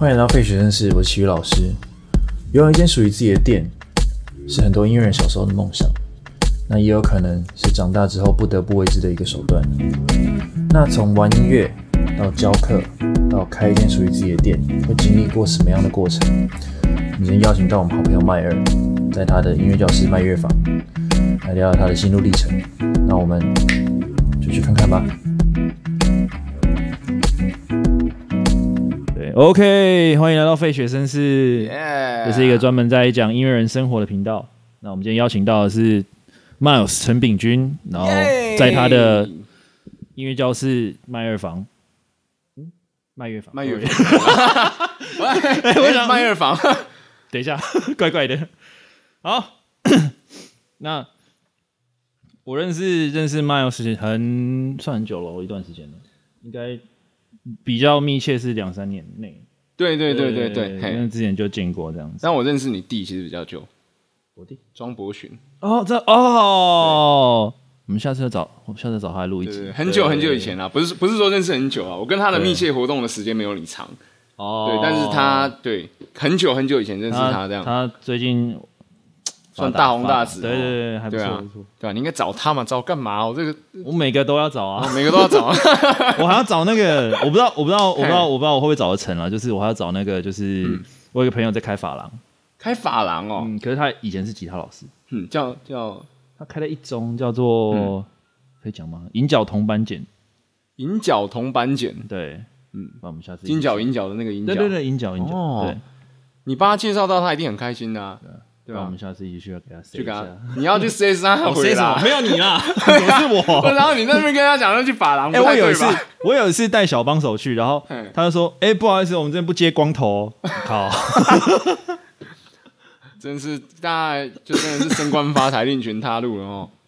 歡迎來到費雪紳士，我是騎慾老師。擁有，有一間屬於自己的店，是很多音樂人小時候的夢想，那也有可能是長大之後不得不為之的一個手段。那從玩音樂到教課到開一間屬於自己的店，會經歷過什麼樣的過程？我們邀請到我們好朋友麥二，在他的音樂教室麥樂坊，來聊聊他的心路歷程。那我們就去看看吧。OK，歡迎來到費雪紳士，這、yeah. 是一個專門在講音樂人生活的頻道。那我們今天邀請到的是 Miles 陳秉均，然後在他的音樂教室麥二房，嗯，麥樂坊，麥樂人，為什麼麥二房？等一下，怪怪的。好， 那我認識認識 Miles 很算很久了，一段時間了，應該。比較密切是兩三年內，對對對對對，因為之前就見過這樣子。但我認識你弟其實比較久，我弟莊博尋哦，這哦，我們下次要找，我下次找他錄一集。很久很久以前啦，對對對，不是不是說認識很久啊，我跟他的密切活動的時間沒有你長哦，對，但是他對很久很久以前認識他這樣，他，他最近。算大紅大紫，啊，對對對，還不錯，不錯對啊，啊啊、你應該找他嘛？找幹嘛？我這個，我每個都要找啊， 每個都要找，啊。 我還要找那個，我不知道，我不知道，我不知道，我不知道我會不會找得成啊？就是我還要找那個，就是、嗯、我有一個朋友在開髮廊、嗯，開髮廊哦。嗯，可是他以前是吉他老師，嗯，叫叫他開了一種叫做、嗯、可以講嗎？銀角銅板剪，銀角銅板剪，對，嗯，那我們下次金角銀角的那個銀角對銀角銀角，對，對，哦、你幫他介紹到，他一定很開心的，啊。對吧，那我們下次一起去給他塞一下。你要去塞他，他回來，我、嗯哦、塞什麼？沒有你啦， 啊、怎麼是我。然後你那邊跟他講，要去髮廊。我有一次，我有一次帶小幫手去，然後他就說：“哎、欸欸，不好意思，我們這邊不接光頭、哦。 ”好， 真是大，大家就真的是升官發財另群他路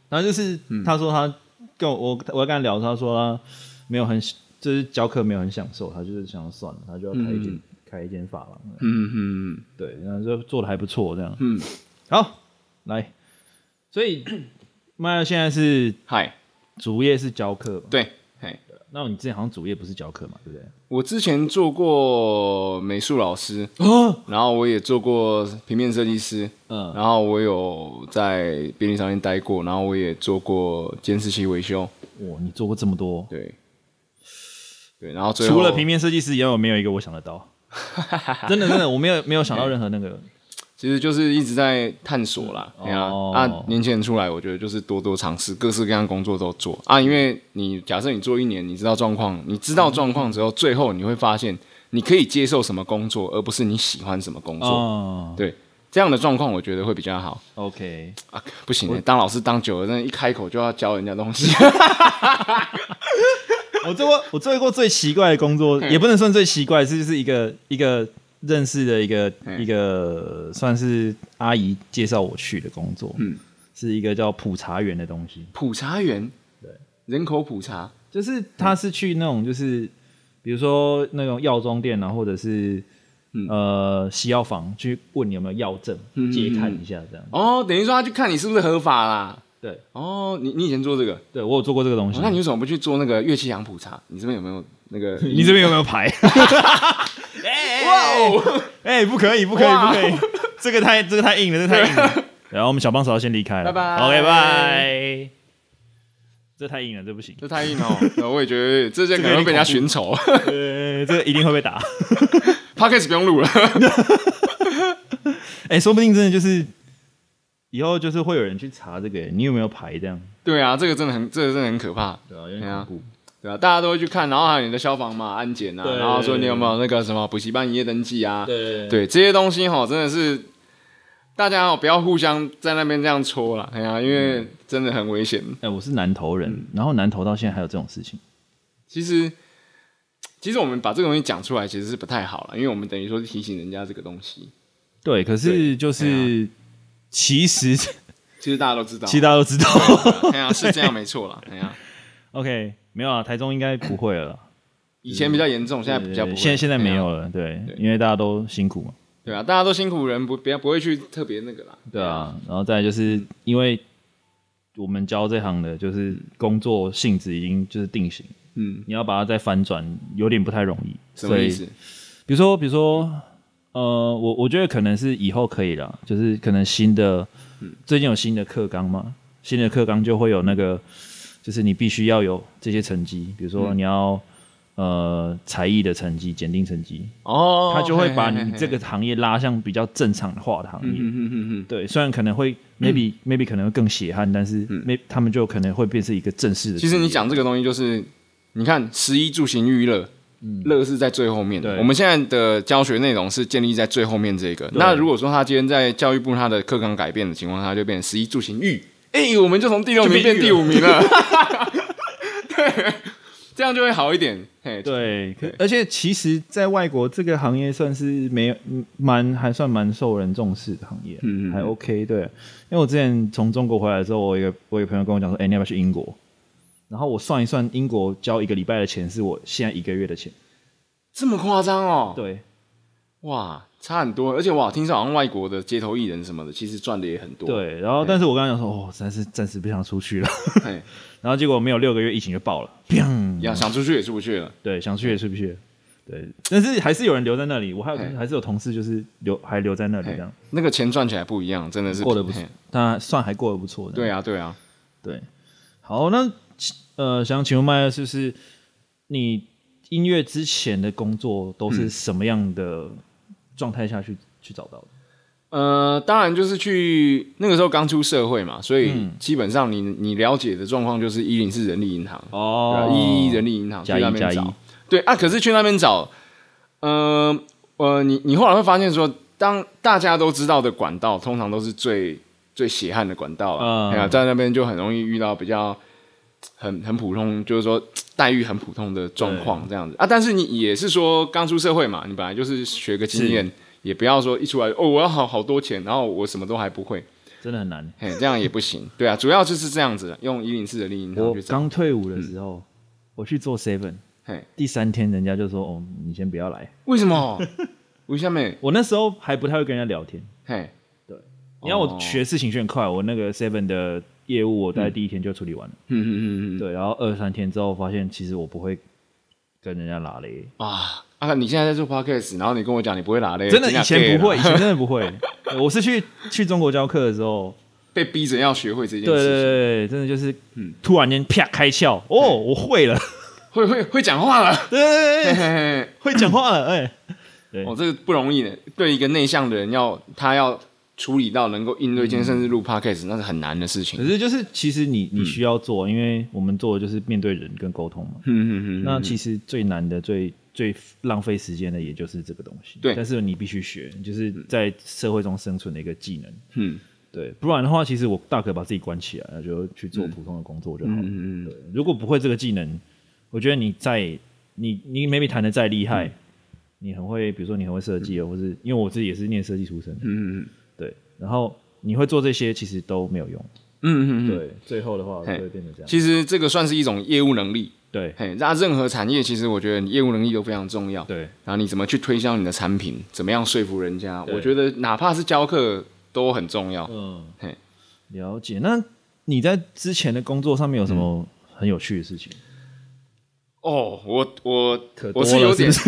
然後就是、嗯、他說他跟我，我我跟他聊，他說他沒有很就是教課，沒有很享受，他就是想要算了，他就要開店。嗯開一間髮廊，嗯嗯，對，然後就做的還不錯，這樣。嗯，好，來，所以 Miles 現在是嗨，主業是教課對，嗨、hey。那你之前好像主業不是教課嘛？對不對？我之前做過美術老師、啊，然後我也做過平面設計師，嗯，然後我有在便利商店待過，然後我也做過監視器維修。哦，你做過這麼多，對，對，然後、後除了平面設計師以外，沒有一個我想得到。 真的真的，我沒有沒有想到任何那個、欸，其實就是一直在探索啦。哦、啊，年輕人出來，我覺得就是多多嘗試，各式各樣工作都做啊。因為你假設你做一年，你知道狀況，你知道狀況之後嗯嗯，最後你會發現，你可以接受什麼工作，而不是你喜歡什麼工作。哦、對，這樣的狀況我覺得會比較好。OK，、啊、不行、欸，當老師當久了，真的一開口就要教人家東西。 我做過，我做過最奇怪的工作，也不能算最奇怪，是就是一個一個認識的一個一個算是阿姨介紹我去的工作，嗯，是一個叫普查員的東西。普查員，對，人口普查，就是他是去那種就是，嗯、比如說那種藥妝店啊，然後或者是、嗯、呃西藥房，去問你有沒有藥證嗯嗯嗯，接看一下這樣。哦，等於說他去看你是不是合法啦？對哦，oh, 你你以前做這個，對我有做過這個東西。Oh, 那你為什麼不去做那個樂器養譜差？你這邊有沒有那個？ 你這邊有沒有牌？哎哇哎，不可以，不可以，不可以！Wow! 這個太這個太硬了， 這太硬了。 然後我們小幫手要先離開了，拜拜。OK，拜。 這太硬了，這不行， 這太硬了，我也覺得這件可能被人家尋仇，這一定會被打。Package 不用錄了。哎，說不定真的就是。以後就是會有人去查這個，你有沒有牌這樣？對啊，這個真的很，這個真的很可怕。對啊，因為很恐怖。對啊，大家都會去看，然後還有你的消防嘛、安檢啊，對對對對，然後說你有沒有那個什麼補習班營業登記啊？對對，對，對對，這些東西哈，真的是大家吼不要互相在那邊這樣戳了，哎呀、啊，因為真的很危險。哎、嗯欸，我是南投人，嗯，然後南投到現在還有這種事情。其實，其實我們把這個東西講出來，其實是不太好了，因為我們等於說是提醒人家這個東西。對，可是就是。其實，其實大家都知道，其實大家都知道，對對對 是這樣沒錯了。啊、OK，沒有啊，台中應該不會了、 就是。以前比較嚴重，現在比較不會了，現在現在沒有了對，啊。對，因為大家都辛苦嘛。對啊，大家都辛苦，人不不不會去特別那個啦。對啊，對啊，然後再來，就是、嗯，因為我們教這行的，就是工作性質已經就是定型，嗯，你要把它再反轉，有點不太容易。什麼意思？比如說，比如說。呃，我我覺得可能是以後可以啦，就是可能新的，最近有新的課綱嘛，新的課綱就會有那個，就是你必須要有這些成績，比如說你要、嗯、呃才藝的成績、檢定成績，哦，他就會把你這個行業拉向比較正常化的行業。嘿嘿嘿對，雖然可能會、嗯、maybe maybe 可能會更血汗，但是、嗯、，may，他們就可能會變成一個正式的。其實你講這個東西就是，你看，食衣住行娛樂。樂是在最後面的、嗯對。我們現在的教學內容是建立在最後面這個。那如果說他今天在教育部他的課綱改變的情況下，他就變食衣住行育誒、欸，我們就從第六名變第五名了。了 對，這樣就會好一點。嘿，對可，而且其實，在外國這個行業算是沒蠻還算蠻受人重視的行業，嗯,嗯還 OK。對，因為我之前從中國回來之後，我有一個我有朋友跟我講說，誒、欸，你要不要去英國？然後我算一算，英國交一個禮拜的錢是我現在一個月的錢，這麼誇張哦？對，哇，差很多，而且哇，聽說好像外國的街頭藝人什麼的，其實賺的也很多。對，然後但是我剛剛想說，欸、哦，暫時暫時不想出去了、 欸。然後結果沒有六個月，疫情就爆了，想、欸、想出去也出不去了。對，想出去也出不去了。對，但是還是有人留在那裡，我還有、欸、還是有同事就是留還留在那裡這樣。欸、那個錢賺起來不一樣，真的是過得不錯、欸，但算還過得不錯。對啊，對啊，對，好那。呃，想請問麥二，是不是你音樂之前的工作都是什麼樣的狀態下去、嗯、去找到的？呃，當然就是去那個時候剛出社會嘛，所以基本上你你了解的狀況就是一零四人力銀行哦，一一一人力銀行在那邊找，對啊，可是去那邊找，呃，呃，你你後來會發現說，當大家都知道的管道，通常都是最最血汗的管道了、啊嗯啊，在那邊就很容易遇到比較。很很普通，就是說待遇很普通的狀況這樣子啊。但是你也是說剛出社會嘛，你本來就是學個經驗，也不要說一出來哦，我要好好多錢，然後我什麼都還不會，真的很難。嘿，這樣也不行。 對啊，主要就是這樣子的。用一零四的履歷，我剛退伍的時候，嗯、我去做 seven，嘿，第三天人家就說哦，你先不要來，為什麼？為 什麼？我那時候還不太會跟人家聊天。嘿，對，你看我學事情學很快，我那個 seven 的業務我在第一天就處理完了，嗯嗯嗯嗯、對，然後二三天之後發現，其實我不會跟人家拉雷啊。啊，你現在在做 Podcast，然後你跟我講你不會拉雷，真的以前不會，以前真的不會。 我是去去中國教課的時候，被逼着要學會這件事。對，對對對，真的就是、嗯、突然間啪，啪開竅，哦，我會了，會會會講話了，對，嘿嘿嘿會講話了，哎、 欸，對，我、哦、這個不容易的，對一個內向的人要他要。處理到能夠應對健身、嗯，甚至錄 podcast，那是很難的事情。可是就是，其實你你需要做、嗯，因為我們做的就是面對人跟溝通嘛、嗯哼哼哼。那其實最難的、最最浪費時間的，也就是這個東西。對，但是你必須學，就是在社會中生存的一個技能。嗯，對。不然的話，其實我大可把自己關起來，就去做普通的工作就好。嗯嗯。對，如果不會這個技能，我覺得你在你你 maybe 彈得再厲害、嗯，你很會，比如說你很會設計、嗯，或是因為我自己也是念設計出身。嗯嗯。然後你會做這些，其實都沒有用。嗯嗯，對，最後的話就會變成這樣。其實這個算是一種業務能力，對。嘿，那任何產業，其實我覺得你業務能力都非常重要。對。然後你怎麼去推銷你的產品，怎麼樣說服人家？我覺得哪怕是教課都很重要。嗯，嘿，了解。那你在之前的工作上面有什麼很有趣的事情？嗯、哦，我我我是有點。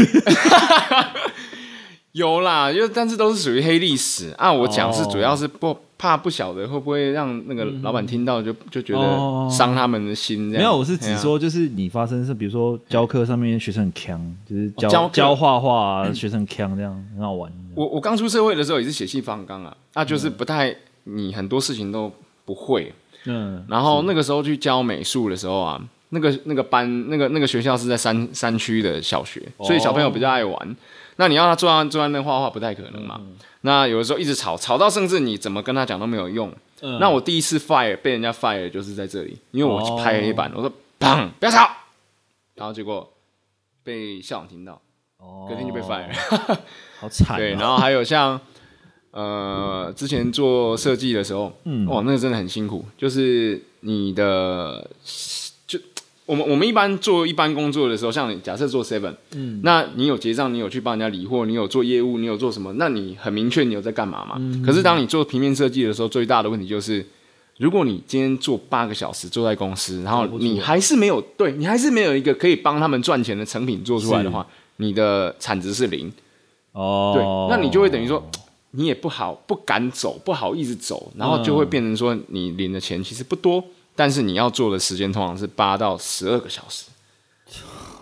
有啦，因為但是都是屬於黑歷史啊！我講是主要是不、oh. 怕不曉得會不會讓那個老闆聽到就，就就覺得傷他們的心這樣、oh. 啊。沒有，我是只說就是你發生是，比如說教課上面學生很強，就是教、哦、教畫畫、啊，學生很強這樣、嗯、很好玩。我我剛出社會的時候也是血氣方剛啊，那就是不太你很多事情都不會，嗯、mm.，然後那個時候去教美術的時候啊，那個那個班那個那個學校是在山山區的小學，所以小朋友比較愛玩。Oh. 那你要他坐在坐在那畫畫不太可能嘛？嗯嗯，那有的時候一直吵吵到甚至你怎麼跟他講都沒有用。嗯嗯，那我第一次 fire 被人家 fire 就是在這裡，因為我拍黑板，我說“砰，不要吵”，然後結果被校長聽到，哦、隔天就被 fire，好慘、啊。 對，然後還有像呃嗯嗯嗯之前做設計的時候，哇，那個真的很辛苦，就是你的。我們我們一般做一般工作的時候，像你假設做 seven，嗯，那你有結賬，你有去幫人家理貨，你有做業務，你有做什麼？那你很明確你有在幹嘛嘛？嗯，可是當你做平面設計的時候，最大的問題就是，如果你今天做八個小時坐在公司，然後你還是沒有，對，你還是沒有一個可以幫他們賺錢的成品做出來的話，你的產值是零哦。對，那你就會等於說你也不好不敢走，不好意思走，然後就會變成說你領的錢其實不多。但是你要做的時間通常是八到十二個小時，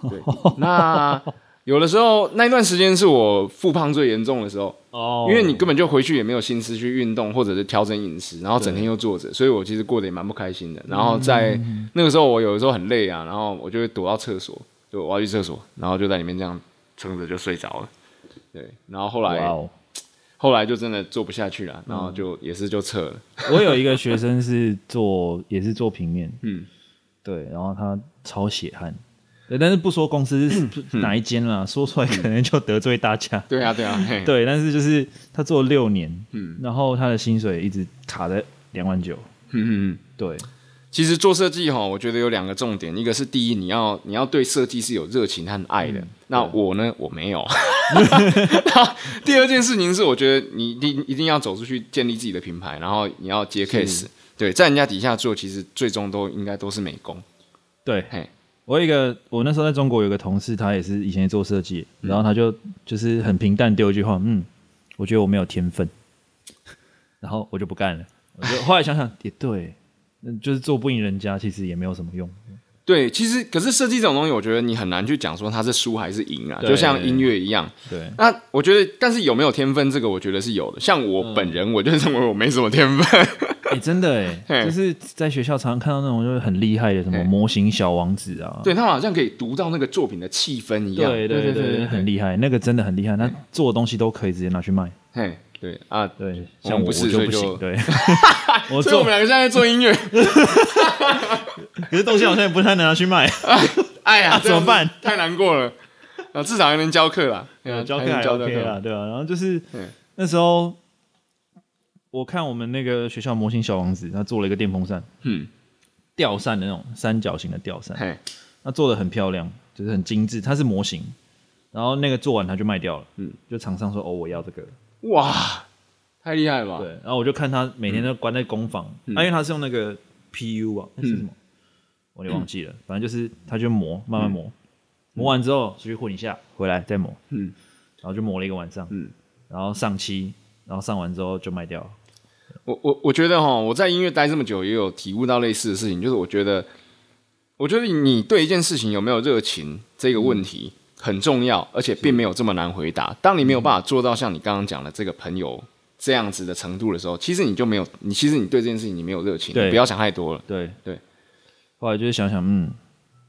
對。那有的時候那一段時間是我復胖最嚴重的時候。Oh. 因為你根本就回去也沒有心思去運動，或者是調整飲食，然後整天又坐着，所以我其實過得也蠻不開心的。然後在那個時候，我有的時候很累啊，然後我就會躲到廁所，就我要去廁所，然後就在裡面這樣撐着就睡着了。對，然後後來。Wow. 後來就真的做不下去了，然後就、嗯、也是就撤了。我有一個學生是做， 也是做平面，嗯，對，然後他超血汗，但是不說公司是哪一間啦，嗯、說出來可能就得罪大家。嗯、 對啊，對啊，對，但是就是他做了六年，嗯，然後他的薪水一直卡在兩萬九，嗯嗯嗯，對。其實做設計哈，我覺得有兩個重點，一個是第一，你要你要對設計是有熱情和愛的。嗯、那我呢，我沒有。 然後第二件事情是，我覺得你一定一定要走出去，建立自己的品牌，然後你要接 case。對，在人家底下做，其實最終都應該都是美工。對、嘿，我有一個，我那時候在中國有一個同事，他也是以前做設計，然後他就、嗯、就是很平淡丟一句話，嗯，我覺得我沒有天分，然後我就不幹了。我就後來想想 也對。嗯，就是做不贏人家，其實也沒有什麼用。對，其實可是設計這種東西，我覺得你很難去講說它是輸還是贏啊。就像音樂一樣，對。那、啊、我覺得，但是有沒有天分這個，我覺得是有的。像我本人，嗯、我就認為我沒什麼天分。哎、 欸，真的哎、欸，就是在學校常常看到那種就是很厲害的，什麼模型小王子啊，對他好像可以讀到那個作品的氣氛一樣。對對對，對，對，對，對，很厲害，那個真的很厲害，那做的東西都可以直接拿去賣。嘿。對啊，對，像我，我，不是我就不行，對。 所以我們兩個現在在做音樂 可是東西好像也不太能拿去賣 、啊。哎呀，啊、怎麼辦？太難過了。啊，至少還能教課吧、啊啊？教課還教課、OK、啦對吧、啊？然後就是那時候，我看我們那個學校模型小王子，他做了一個電風扇，嗯，吊扇的那種三角形的吊扇，那做的很漂亮，就是很精致，它是模型。然後那個做完他就賣掉了，嗯，就廠商說哦我要這個。哇，太厲害了吧！對，然後我就看他每天都關在工坊，嗯啊、因為他是用那個 PU 啊、嗯，是什麼、嗯？我也忘記了，反正就是他就磨，慢慢磨，嗯、磨完之後出去混一下，回來再磨，嗯，然後就磨了一個晚上，嗯，然後上漆，然後上，然後上完之後就賣掉了。我我我覺得齁，我在音樂待這麼久，也有體悟到類似的事情，就是我覺得，我覺得你對一件事情有沒有熱情這個問題。嗯很重要，而且並沒有這麼難回答。當你沒有辦法做到像你剛剛講的這個朋友這樣子的程度的時候，嗯，其實你就沒有，你其實你對這件事情你沒有熱情，對，不要想太多了。對對，後來就是想想，嗯，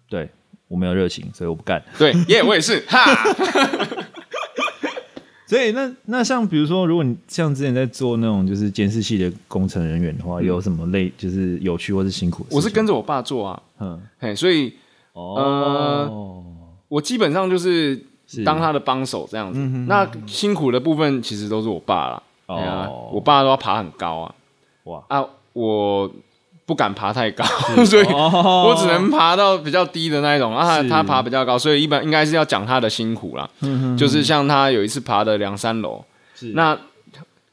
對我沒有熱情，所以我不幹。對，耶，yeah,，我也是。 所以那那像比如說，如果你像之前在做那種就是監視器的工程人員的話，嗯，有什麼累，就是有趣或是辛苦的？我是跟着我爸做啊，嗯，嘿，所以，哦，oh. 呃我基本上就是當他的幫手這樣子，那辛苦的部分其實都是我爸啦。對、哦、啊，我爸都要爬很高啊。哇啊！我不敢爬太高， 所以我只能爬到比較低的那一種啊他。他爬比較高，所以一般應該是要講他的辛苦啦、嗯，就是像他有一次爬的兩三樓，那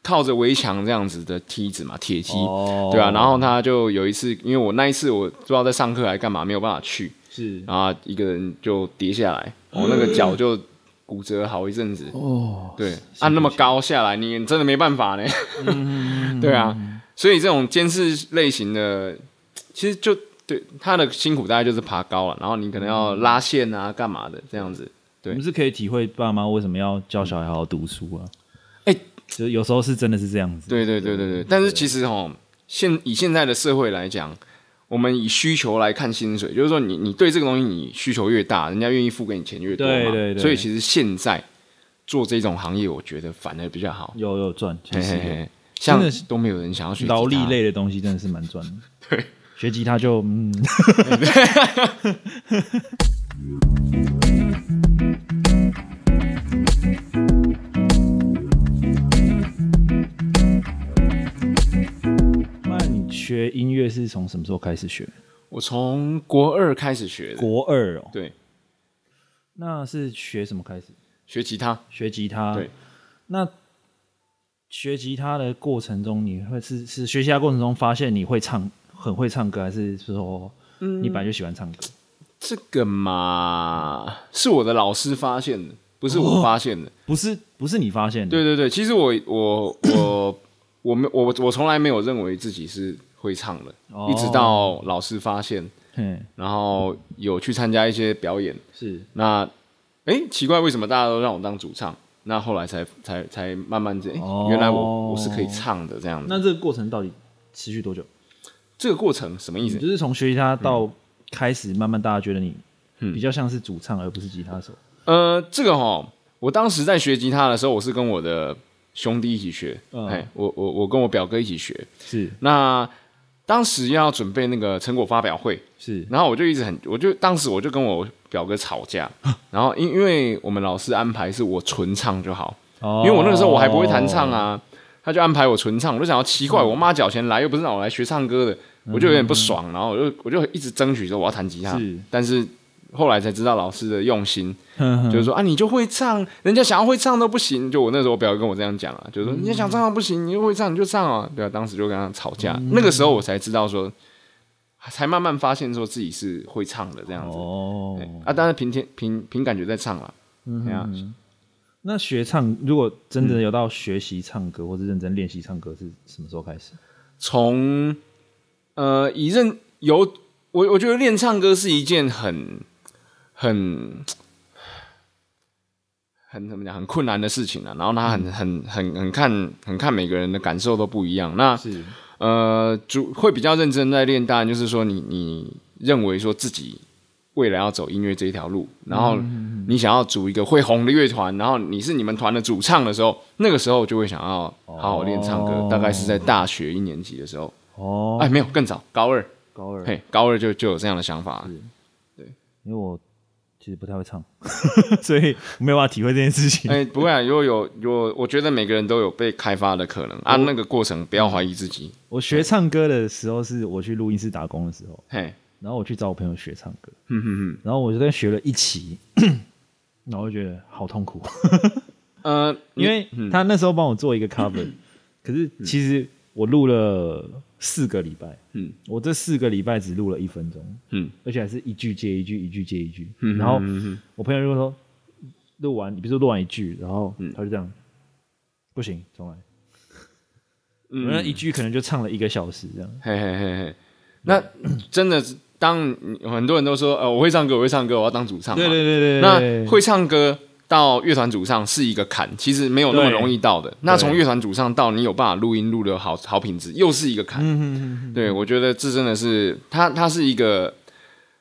靠着圍牆這樣子的梯子嘛，鐵梯、哦、對啊。然後他就有一次，因為我那一次我不知道在上課還幹嘛，沒有辦法去。是，然後一個人就跌下來，然後那個腳就骨折好一陣子。哦，對，按、啊、那麼高下來，你也真的沒辦法呢。嗯、 對啊、嗯，所以這種監視類型的，其實就對他的辛苦，大概就是爬高了，然後你可能要拉線啊，幹、嗯、嘛的這樣子。對，你不是可以體會爸媽為什麼要教小孩好好讀書啊。其、欸、實有時候是真的是這樣子。對對對對對。對對對對對對，但是其實哦，現以現在的社會來講。我們以需求來看薪水，就是說你你對這個東西，你需求越大，人家願意付給你錢越多嘛，對對對。所以其實現在做這種行業，我覺得反而比較好，有有賺，確實，嘿嘿嘿，像真的是都沒有人想要去。勞力類的東西真的是蠻賺的。對，學吉他就嗯。 學音樂是從什麼時候開始學？我從國二開始學，國二哦？對。那是學什麼開始？學吉他，學吉他。對，那學吉他的過程中，你會是是學習吉他過程中發現你會唱，很會唱歌，還是說你本來就喜歡唱歌？嗯，這個嘛，是我的老師發現的，不是我發現的，哦哦不是不是你發現的。對對對，其實我我我我我我從來沒有認為自己是。會唱了，一直到老師發現，哦、然後有去參加一些表演，是那，哎、欸，奇怪，為什麼大家都讓我當主唱？那後來才才才慢慢這、欸哦，原來我我是可以唱的這樣子。那這個過程到底持續多久？這個過程什麼意思？就是從學吉他到開始、嗯、慢慢大家覺得你比較像是主唱，而不是吉他手。嗯、呃，這個哈、哦，我當時在學吉他的時候，我是跟我的兄弟一起學，嗯，我我我跟我表哥一起學，是那。當時要準備那個成果發表會，是，然後我就一直很，我就當時我就跟我表哥吵架，然後因因為我們老師安排是我純唱就好、哦，因為我那個時候我還不會彈唱啊，他就安排我純唱，我就想要奇怪，嗯、我媽繳錢來又不是讓我來學唱歌的、嗯哼哼，我就有點不爽，然後我就我就一直爭取說我要彈吉他，但是。後來才知道老師的用心，就是說啊，你就會唱，人家想要會唱都不行。就我那時候，我表哥跟我這樣講啊，就是說，你想唱都不行，你就會唱你就唱啊。對啊，當時就跟他吵架。那個時候我才知道說，才慢慢發現說自己是會唱的這樣子。對啊，但是憑。哦，啊，當然憑天憑憑感覺在唱了。啊。那學唱如果真的有到學習唱歌或是認真練習唱歌是什麼時候開始？從呃，以任有我我覺得練唱歌是一件很。很很怎麼講？很困難的事情了、啊。然後他很、嗯、很很很看，很看每個人的感受都不一樣。那呃，主會比較認真在練。當然，就是說你你認為說自己未來要走音樂這一條路，然後你想要組一個會紅的樂團，然後你是你們團的主唱的時候，那個時候就會想要好好練唱歌、哦。大概是在大學一年級的時候哦，哎，沒有更早，高二高二，嘿，高二就就有這樣的想法，對，因為我。其實不太會唱， 所以沒有辦法體會這件事情。哎、欸，不會啊！如果有，有，我覺得每個人都有被開發的可能啊。那個過程，不要懷疑自己。我學唱歌的時候，是我去錄音室打工的時候，然後我去找我朋友學唱歌，嗯、哼哼，然後我就跟學了一期，然後我就覺得好痛苦、 呃。因為他那時候幫我做一個 cover、嗯、可是其實我錄了。四個禮拜，嗯，我這四個禮拜只錄了一分鐘，嗯，而且還是一句接一句，一句接一句，嗯、哼哼哼哼，然後我朋友就會說，錄完，比如說錄完一句，然後他就這樣，嗯、不行，重來，那、嗯、一句可能就唱了一個小時這樣，嘿嘿嘿嘿。那真的，當很多人都說、嗯，呃，我會唱歌，我會唱歌，我要當主唱，對對對對，對，對，對，對對對對，那會唱歌。到樂團主唱是一個坎，其實沒有那麼容易到的。那從樂團主唱到你有辦法錄音錄得好好品質，又是一個坎。嗯、對、嗯，我覺得這真的是，他他是一個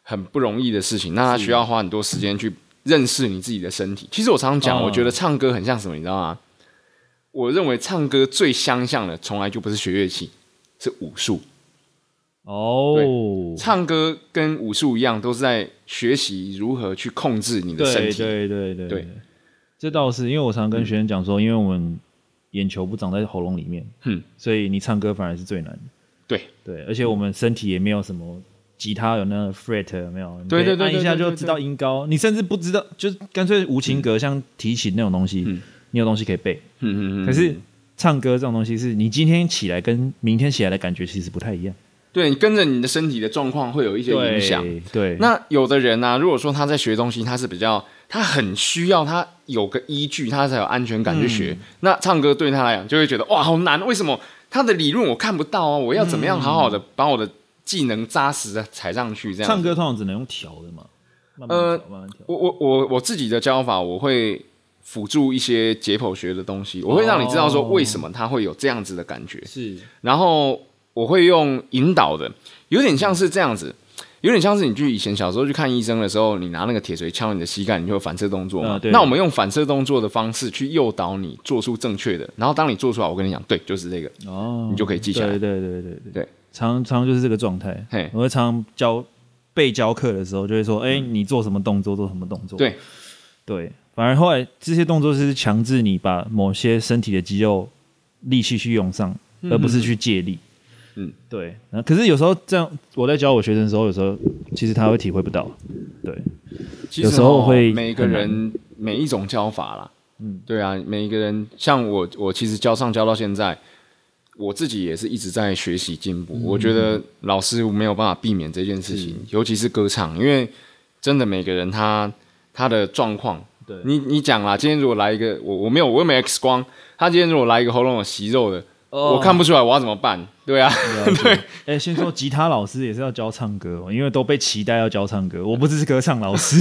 很不容易的事情。那他需要花很多時間去認識你自己的身體。其實我常常講、嗯，我覺得唱歌很像什麼，你知道嗎？我認為唱歌最相像的，從來就不是學樂器，是武術。哦、oh，唱歌，跟武術一樣，都是在學習如何去控制你的身體。對對對，對，對，對，對，對，對，這倒是，因為我常跟學生講說、嗯，因為我們眼球不長在喉嚨裡面，嗯，所以你唱歌反而是最難的。對對，而且我們身體也沒有什麼吉他有那個 fret 有沒有？對對對，按一下就知道音高。對對對對對對。你甚至不知道，就是乾脆無情格、嗯、像提琴那種東西、嗯，你有東西可以背。嗯嗯。可是唱歌這種東西是，是你今天起來跟明天起來的感覺其實不太一樣。對，你跟着你的身體的狀況會有一些影響。對，對那有的人呢、啊，如果說他在學東西，他是比較，他很需要他有個依據，他才有安全感去學。嗯、那唱歌對他來講，就會覺得哇，好難，為什麼他的理論我看不到啊？我要怎麼樣好好的、嗯、把我的技能扎實的踩上去？這樣唱歌通常只能用調的嘛？慢慢調呃，慢慢調，我我我我自己的教法，我會輔助一些解剖學的東西，我會讓你知道說為什麼他會有這樣子的感覺。是、哦，然後。我會用引導的，有點像是這樣子，有點像是你去以前小時候去看醫生的時候，你拿那個鐵錘敲你的膝蓋，你就會反射動作嘛、啊。那我們用反射動作的方式去誘導你做出正確的，然後當你做出來，我跟你講，對，就是這個哦，你就可以記下來。對對對對對，對常常就是這個狀態。嘿我會常常教被教課的時候，就會說，哎、欸嗯，你做什麼動作，做什麼動作。對對，反而後來這些動作是強制你把某些身體的肌肉力氣去用上，而不是去借力。嗯嗯，對。那可是有時候這樣，我在教我學生的時候，有時候其實他會體會不到，對。有時候會每個人每一種教法啦，嗯，對啊，每一個人像我，我其實教上教到現在，我自己也是一直在學習進步。嗯，我覺得老師沒有辦法避免這件事情，嗯，尤其是歌唱，因為真的每個人他他的狀況，對。你你你講啦，今天如果來一個我我沒有我又沒有 X 光，他今天如果來一個喉嚨有息肉的。Oh, 我看不出來，我要怎麼辦？對啊，對，啊對，哎、 欸，先說吉他老師也是要教唱歌，因為都被期待要教唱歌。我不是歌唱老師，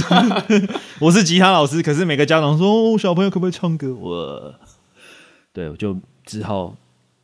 我是吉他老師。可是每個家長說，哦、小朋友可不可以唱歌？我對，我就只好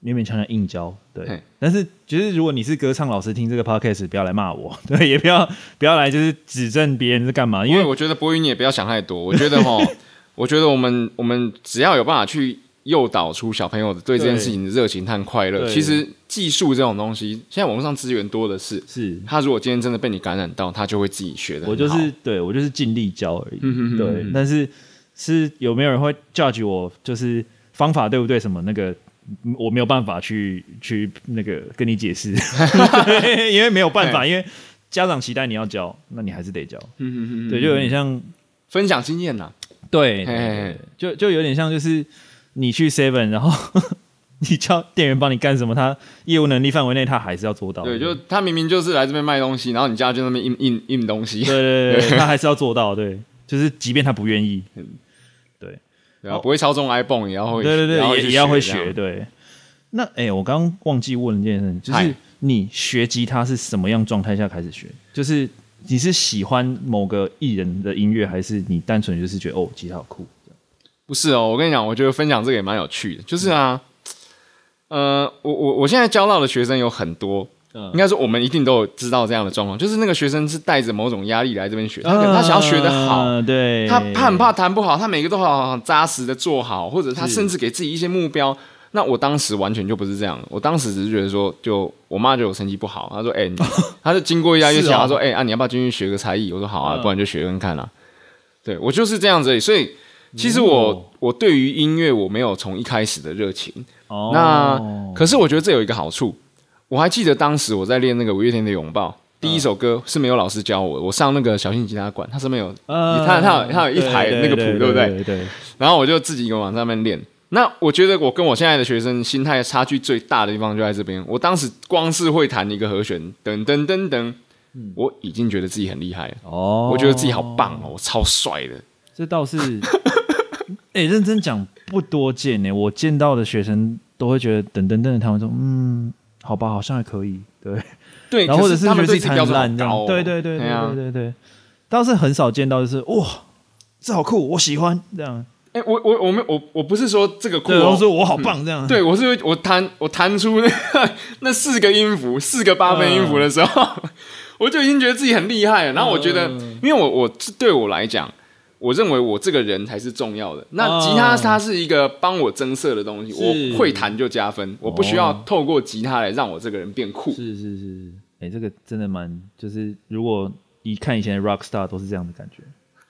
勉勉強強硬教。對，但是其實如果你是歌唱老師，聽這個 podcast 不要來罵我，對，也不要不要來就是指正別人是幹嘛？因為我覺得波音，你也不要想太多。我覺得哈， 我覺得我們我們只要有辦法去。誘導出小朋友對這件事情的熱情和快樂。其實技術這種東西，現在網絡上資源多的是。是，他如果今天真的被你感染到，他就會自己學的。我就是，對，我就是盡力教而已。嗯、哼哼對，但是是有沒有人會 judge 我？就是方法對不對？什麼那個，我沒有辦法去去那個跟你解釋， 因為沒有辦法、欸。因為家長期待你要教，那你還是得教。嗯、哼哼對，就有點像分享經驗吶。對，對對對就就有點像就是。你去 Seven，然後 你叫店員幫你幹什麼？他業務能力範圍內，他還是要做到。對，就他明明就是來這邊賣東西，然後你家就在那邊印印印東西對對對。對對對，他還是要做到。對， 對就是即便他不願意，對，然後、啊 oh, 不會操縱 iPhone，也要會，對對對，也，也要會學。對，那誒、欸，我剛剛忘記問了一件事，就是你學吉他是什麼樣狀態下開始學？就是你是喜歡某個藝人的音樂，還是你單純就是覺得哦，吉他好酷？不是哦，我跟你講，我覺得分享這個也蠻有趣的，就是啊，呃，我我我現在教到的學生有很多，嗯、應該說我們一定都知道這樣的狀況，就是那個學生是帶着某種壓力來這邊學，他可能他想要學得好，啊、對，他他很怕彈不好，他每個都好好扎實的做好，或者他甚至給自己一些目標。那我當時完全就不是這樣，我當時只是覺得說，就我媽覺得我成績不好，她說，哎、欸，她就經過一下，樂 家、哦，她說，哎、欸、啊，你要不要進去學個才藝？我說好啊、嗯，不然就學跟看啦、啊。對我就是這樣子，所以。其實我、oh. 我對於音樂我沒有從一開始的熱情，oh. 那可是我覺得這有一個好處，我還記得當時我在練那個五月天的擁抱，第一首歌是沒有老師教我，uh. 我上那個小型吉他館，他是沒有，他他他有一排那個譜，對不對，對，對，對，對，對？對，對，對，對。然後我就自己往上面練。那我覺得我跟我現在的學生心態差距最大的地方就在這邊，我當時光是會彈一個和弦，等等等等，我已經覺得自己很厲害了，哦、oh.，我覺得自己好棒哦，我超帥的，這倒是。 哎、欸，認真講不多見哎，我見到的學生都會覺得等等等，等的彈完說，嗯，好吧，好像還可以，對對。然後或者是，是他得自己談談得爛，標準高、哦，對對對對對對，對，對，對。但是、啊、很少見到就是哇，這好酷，我喜歡這樣。哎、欸，我我我沒我我不是說這個酷，我是說我好棒、嗯、這樣。對我是，我彈我彈出那 那四個音符，四個八分音符的時候，呃、 我就已經覺得自己很厲害了。然後我覺得，呃、因為我我對我來講。我認為我這個人才是重要的。那吉他它是一個幫我增色的東西，oh. 我會彈就加分，oh. 我不需要透過吉他來讓我這個人變酷。是是是，哎、欸，這個真的蠻，就是如果一看以前的 rock star 都是這樣的感覺，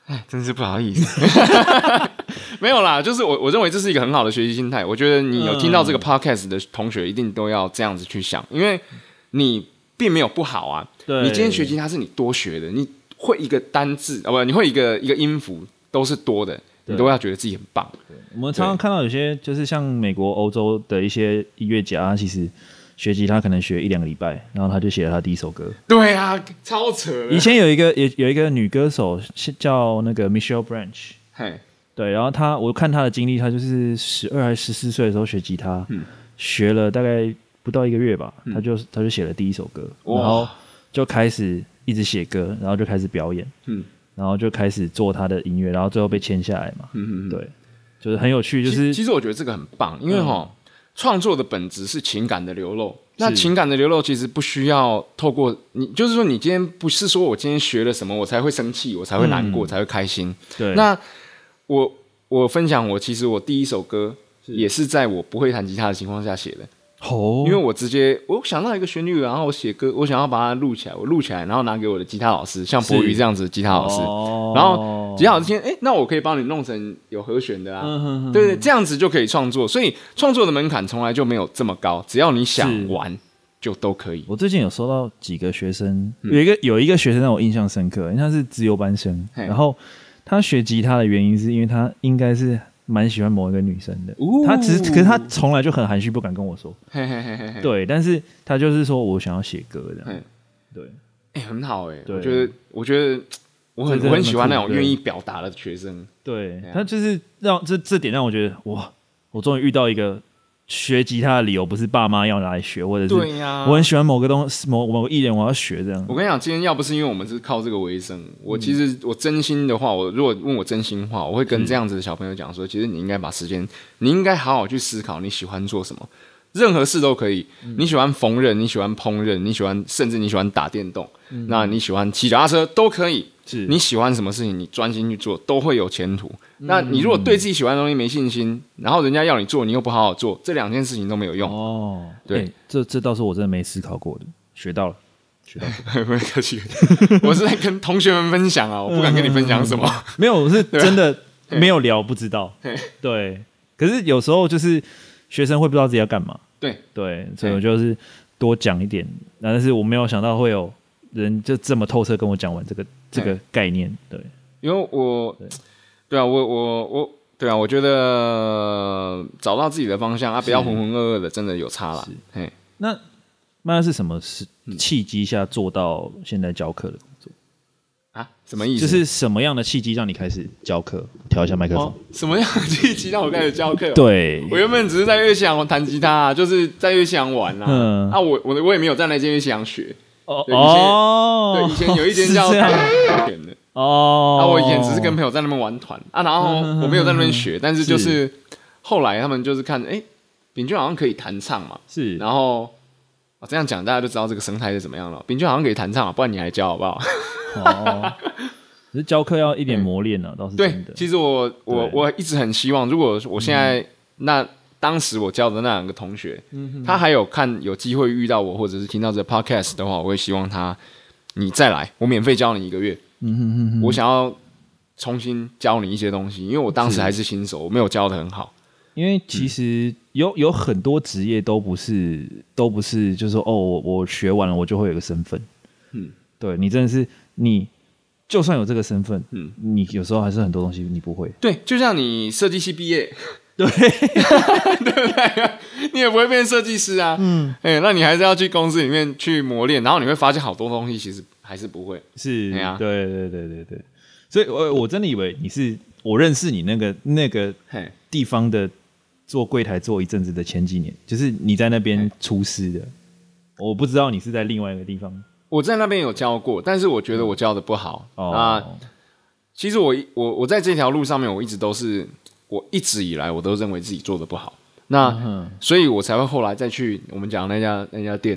哎，真是不好意思， 沒有啦，就是我我認為這是一個很好的學習心態。我覺得你有聽到這個 podcast 的同學，一定都要這樣子去想，因為你並沒有不好啊，你今天學吉他是你多學的，嗯、你。會一個單字啊，不，你會一個一個音符都是多的，你都要覺得自己很棒。我們常常看到有些就是像美國、歐洲的一些音樂家，其實學吉他可能學一兩個禮拜，然後他就寫了他第一首歌。對啊，超扯！以前有一個有有一個女歌手是叫那個 Michelle Branch，嘿、hey，對，然後她我看她的經歷，她就是十二還是十四歲的時候學吉他，嗯，學了大概不到一個月吧，她就她、嗯、就寫了第一首歌，然後就開始。一直寫歌，然後就開始表演，嗯，然後就開始做他的音樂，然後最後被簽下來嘛，嗯嗯嗯，對，就是很有趣，就是其實，其實我覺得這個很棒，因為哈、哦嗯，創作的本質是情感的流露，那情感的流露其實不需要透過你，就是說你今天不是說我今天學了什麼，我才會生氣，我才會難過，嗯，才會開心，對，那我我分享我其實我第一首歌也是在我不會彈吉他的情況下寫的。哦、oh.，因為我直接，我想到一個旋律，然後我寫歌，我想要把它錄起來，我錄起來，然後拿給我的吉他老師，像伯魚這樣子的吉他老師，oh. 然後吉他老師，誒、欸，那我可以幫你弄成有和弦的啊，呵呵呵，對，這樣子就可以創作，所以創作的門檻從來就沒有這麼高，只要你想玩就都可以。我最近有收到幾個學生，有一個有一個學生讓我印象深刻，因為他是自由班生，然後他學吉他的原因是因為他應該是。蠻喜歡某一個女生的，她其實可是她從來就很含蓄，不敢跟我說。嘿嘿嘿嘿對，但是她就是說我想要寫歌這樣。對，哎、欸，很好，哎、欸，我覺得，我覺得我很我很喜歡那種願意表達的學生。對，對啊、他就是讓這這點讓我覺得，哇，我終於遇到一個。學吉他的理由不是爸媽要來學，或者是我很喜歡某個東西、某某藝人，我要學這樣。我跟你講，今天要不是因為我們是靠這個為生，我其實我真心的話，我如果問我真心話，我會跟這樣子的小朋友講說，其實你應該把時間，你應該好好去思考你喜歡做什麼，任何事都可以。嗯、你喜歡縫紉，你喜歡烹飪，你喜歡甚至你喜歡打電動，嗯、那你喜歡騎腳踏車都可以。是你喜歡什麼事情，你專心去做，都會有前途，嗯。那你如果對自己喜歡的東西沒信心，然後人家要你做，你又不好好做，這兩件事情都沒有用哦。對，欸、這這倒是我真的沒思考過的，學到了，學到了。欸、不客氣， 我是在跟同學們分享啊， 我不敢跟你分享什麼，嗯、沒有，我是真的沒有聊，欸、不知道、欸。對，可是有時候就是學生會不知道自己要幹嘛，對對，所以我就是多講一點。欸、但是我沒有想到會有。人就這麼透徹跟我講完這個這個概念，對，因為我對，對啊，我我我對啊，我覺得找到自己的方向啊，不要渾渾噩噩的，真的有差了。那那是什麼是契機下做到現在教課的工作、嗯？啊，什麼意思？就是什麼樣的契機讓你開始教課？調一下麥克風、哦，什麼樣的契機讓我開始教課？ 對，我原本只是在樂器行彈吉他、啊，就是在樂器行玩啦、啊。嗯，啊，我我我也沒有在那間樂器行學。對以前哦，對以前有一間叫的、欸、哦，然後我以前只是跟朋友在那邊玩團、哦、啊，然後我沒有在那邊學、嗯哼哼哼，但是就是後來他們就是看哎，秉均、欸、好像可以彈唱嘛，是，然後啊這樣講大家就知道這個生態是怎麼樣了。秉均好像可以彈唱啊，不然你來教好不好？哦，只 是教課要一點磨練呢、啊嗯，倒是對其實我我我一直很希望，如果我現在、嗯、那。當時我教的那兩個同學、嗯，他還有看有機會遇到我，或者是聽到這個 podcast 的話，我會希望他，你再來，我免費教你一個月、嗯哼哼哼。我想要重新教你一些東西，因為我當時還是新手，我沒有教的很好。因為其實有、嗯、有，有很多職業都不是都不是，就是說哦，我我學完了，我就會有個身份。嗯，對你真的是你，就算有這個身份，嗯，你有時候還是很多東西你不會。對，就像你設計系畢業。對 對不對？你也不會變設計師啊。嗯，哎，那你還是要去公司裡面去磨練，然後你會發現好多東西其實還是不會。是，對、hey 啊，對，對，對，對，對。所以，我我真的以為你是我認識你那個那個地方的做櫃檯做一陣子的前幾年，hey. 就是你在那邊出師的。Hey. 我不知道你是在另外一個地方。我在那邊有教過，但是我覺得我教的不好。啊、oh. uh,，其實我一我我在這條路上面，我一直都是。我一直以來我都認為自己做得不好，那所以，我才會後來再去我們講的那家那家店，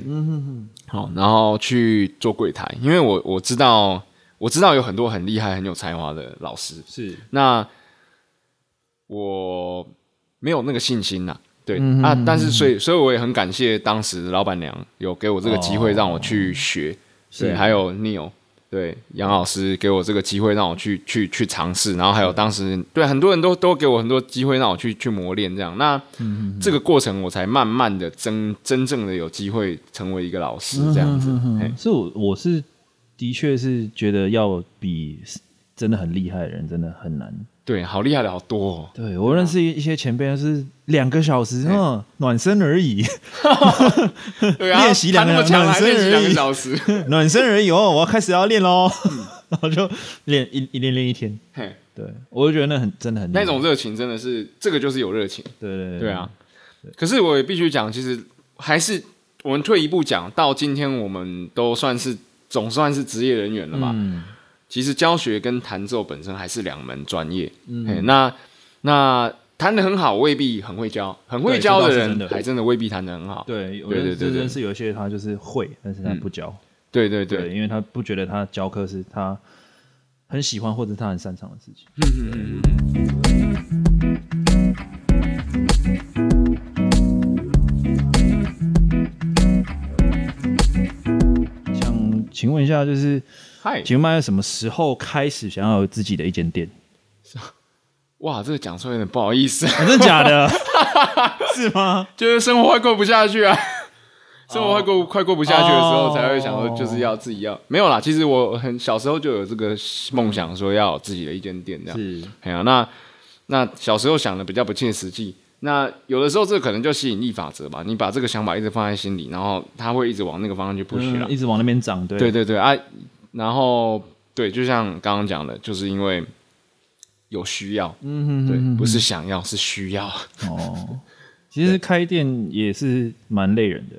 好、嗯，然後去做櫃台，因為我我知道我知道有很多很厲害很有才華的老師，是那我沒有那個信心吶、啊，對、嗯、哼哼哼啊，但是所以所以我也很感謝當時老板娘有給我這個機會讓我去學，哦、對是，還有 Neil。對，楊老師給我這個機會讓我去去去嘗試，然後還有當時、嗯、對，很多人都都給我很多機會讓我去去磨練這樣，那這個過程我才慢慢的真真正的有機會成為一個老師這樣子。所以、嗯、我、嗯嗯嗯、我是的確是覺得要比真的很厲害的人真的很難。對，好厲害的，好多、哦。對，我認識一一些前輩是兩個小時，嗯，暖身而已。對啊，練習兩個，暖身而已。練習兩個小時，暖身而已。哦，我要開始要練嘍，嗯、 然後就練一，一練練一天。嘿，對，我就覺得那很，真的很。那種熱情真的是，這個就是有熱情。對對對，對,對、啊。對啊。可是我也必須講，其實還是我們退一步講，到今天我們都算是總算是職業人員了吧。嗯。其實教學跟彈奏本身還是兩門專業。嗯，那那彈得很好，未必很會教；很會教的人，還真的未必彈得很好。對，對對對，就是有一些他就是會，但是他不教。嗯、對對對，對，因為他不覺得他教課是他很喜歡或者他很擅長的事情。嗯嗯嗯嗯嗯。想請問一下，就是。Hi、請問什麼時候開始想要有自己的一間店？哇，這個講出來有點不好意思，啊、真的假的？ 是嗎？就是生活會過不下去啊，oh, 生活會過快過不下去的時候，才會想說就是要自己要、oh. 沒有啦。其實我很小時候就有這個夢想，說要有自己的一間店這樣。哎呀、啊，那那小時候想的比較不切實際。那有的時候這可能就吸引力法則吧。你把這個想法一直放在心裡，然後他會一直往那個方向去布局了，一直往那邊長對。對對對對啊！然後，對，就像剛剛講的，就是因為有需要，嗯哼哼哼哼，對，不是想要，是需要。哦，其實開店也是蠻累人的，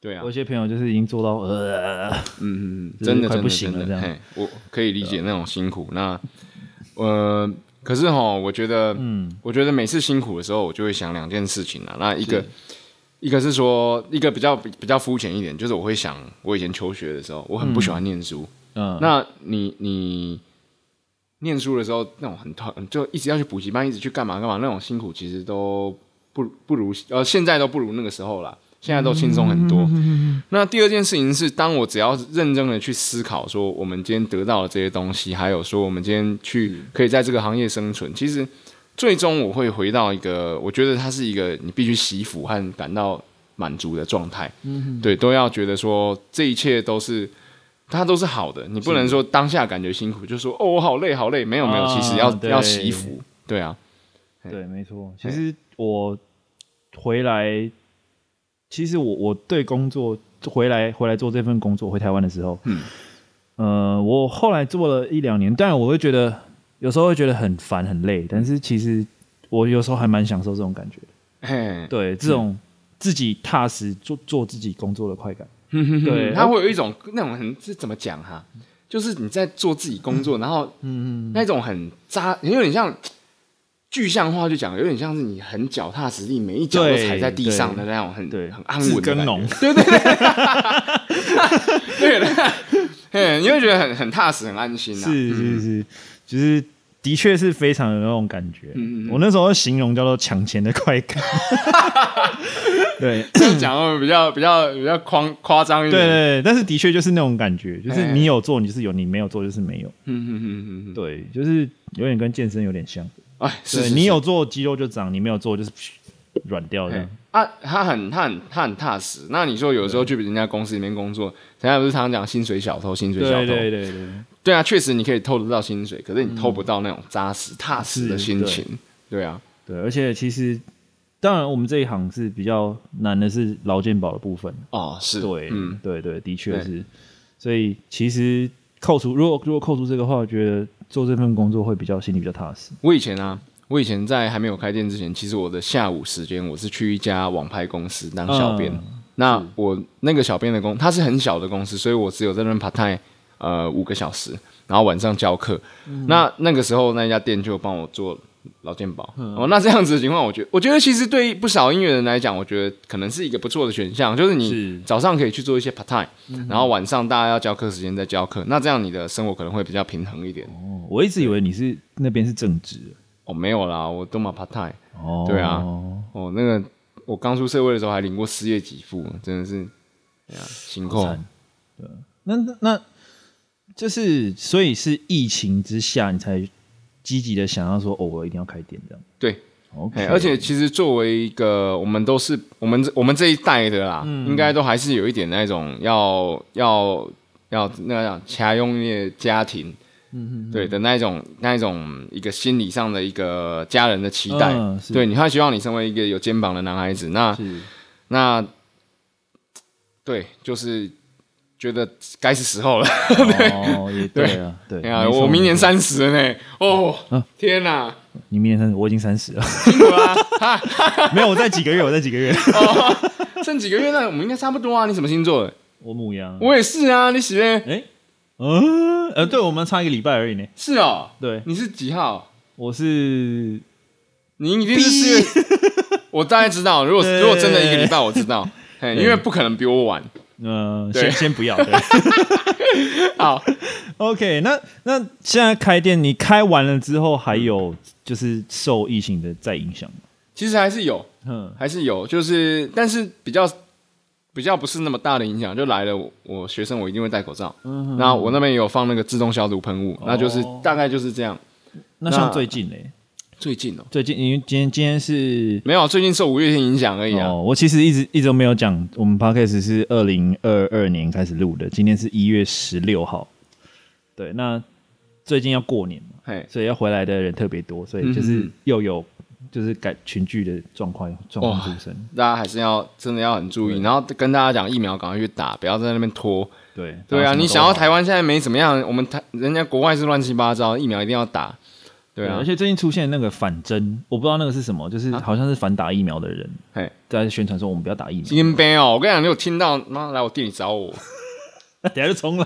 對啊，有些朋友就是已經做到呃，啊、嗯、就是，真的不行了這樣。我可以理解那種辛苦。啊、那，呃，可是哈、哦，我覺得，嗯，我覺得每次辛苦的時候，我就會想兩件事情了、啊。那一個。一個是說，一個比較比較膚淺一點，就是我會想，我以前求學的時候，我很不喜歡念書。嗯，那你你念書的時候，那種很痛，就一直要去補習班，一直去幹嘛幹嘛，那種辛苦其實都不不如呃，現在都不如那個時候了，現在都輕鬆很多。嗯。那第二件事情是，當我只要認真的去思考說我們今天得到了這些東西，還有說我們今天去可以在這個行業生存，其實。最終我會回到一個，我覺得它是一個你必須幸福和感到滿足的狀態，嗯，對，都要覺得說這一切都是它都是好的，你不能說當下感覺辛苦是就說哦，我好累好累，沒有沒有，其實要、啊、要幸福，對啊，對，沒錯，其實我回來，其實我我對工作回來回來做這份工作回台灣的時候，嗯、呃，我後來做了一兩年，但我會覺得。有時候會覺得很煩很累，但是其實我有時候還蠻享受這種感覺嘿。對，這種自己踏實做做自己工作的快感。嗯、對，他、嗯、會有一種、嗯、那種很是怎麼講哈、啊，就是你在做自己工作，嗯、然後、嗯、那種很扎，有點像具象化就講，有點像是你很腳踏實地，每一腳都踩在地上的那種很對對，很，很安穩的。對對對， 對的了。嗯， 你會覺得很很踏實，很安心、啊。是是是。是是其實的確是非常有那種感覺。嗯嗯，我那時候形容叫做搶錢的快感。 對，講的比較比較比較誇誇張一點。對，對對，但是的確就是那種感覺，就是你有做你就是有，你沒有做就是沒有。嗯嗯嗯嗯對，就是有點跟健身有點像。哎，是、是、是你有做肌肉就長，你沒有做就是軟掉的、哎。啊，他很他很他很踏實。那你說有時候去別人家公司裡面工作，人家不是常常講薪水小偷，薪水小偷，對對對、對。對啊，確實你可以偷得到薪水，可是你偷不到那種扎實踏實的心情、嗯，對。對啊，對，而且其實當然我們這一行是比較難的，是勞健保的部分啊、哦。是對，嗯，對對、對，的確是。所以其實扣除，如果如果扣除這個的話，我覺得做這份工作會比較心裡比較踏實。我以前啊，我以前在還沒有開店之前，其實我的下午時間我是去一家網拍公司當小編、嗯。那我那個小編的公，他是很小的公司，所以我只有在那邊 part time。呃，五個小時，然後晚上教課、嗯。那那個時候那家店就幫我做勞健保、嗯。哦，那這樣子的情況，我覺得我覺得其實對於不少音樂人來講，我覺得可能是一個不錯的選項，就是你早上可以去做一些 part time，、嗯、然後晚上大家要教課時間再教課。那這樣你的生活可能會比較平衡一點。哦、我一直以為你是那邊是正職，哦，沒有啦，我都買 part time、哦。對啊，哦，那個我剛出社會的時候還領過失業給付，真的是，哎呀、啊，辛苦。那那。就是，所以是疫情之下，你才積極的想要說，哦，我一定要開店這樣。對，OK。而且其實作為一個，我們都是我們這我們這一代的啦、嗯，應該都還是有一點那種要要要那樣，家用業家庭，嗯哼哼，對的那一種那一種一個心理上的一個家人的期待，嗯、對，他希望你成為一個有肩膀的男孩子，那是那對，就是。覺得該是時候了、哦 對也對啊，對，對啊，對啊，我明年三十呢，哦，啊、天哪、啊，你明年三十，我已經三十了，辛苦啊， 哈 沒有，我在幾個月，我在幾個月， 哦、剩幾個月呢？那我們應該差不多啊。你什麼星座的？我牡羊，我也是啊。你幾月？哎、欸，嗯，呃，對我們差一個禮拜而已呢、欸，是哦，對，你是幾號？我是，你一定是四月、B、 我大概知道，如果、欸、如果真的一個禮拜，我知道，欸欸、因為不可能比我晚。嗯、呃，先先不要。對 好，OK 那。那那現在開店，你開完了之後，還有就是受疫情的再影響嗎？其實還是有，嗯，還是有，就是但是比較比較不是那麼大的影響，就來了我。我學生我一定會戴口罩，嗯，那我那邊也有放那個自動消毒噴霧，那就是、哦、大概就是這樣。那像最近呢？最近哦、喔，最近因為今天今天是沒有最近受五月天影響而已、啊。哦，我其實一直一直都沒有講，我們 podcast 是二零二二年開始錄的，今天是一月十六號。對，那最近要過年嘛、嘿，所以要回來的人特別多，所以就是又有嗯嗯就是改群聚的狀況狀況出現、哦。大家還是要真的要很注意、嗯，然後跟大家講疫苗趕快去打，不要在那邊拖。對對啊，你想要台灣現在沒怎麼樣，我們台人家國外是亂七八糟，疫苗一定要打。對、啊，而且最近出現那個反針，我不知道那個是什麼，就是好像是反打疫苗的人，哎、啊，在宣傳說我們不要打疫苗。今天杯哦、喔，我跟你講，你有聽到嗎？來我店裡找我， 等下就重來，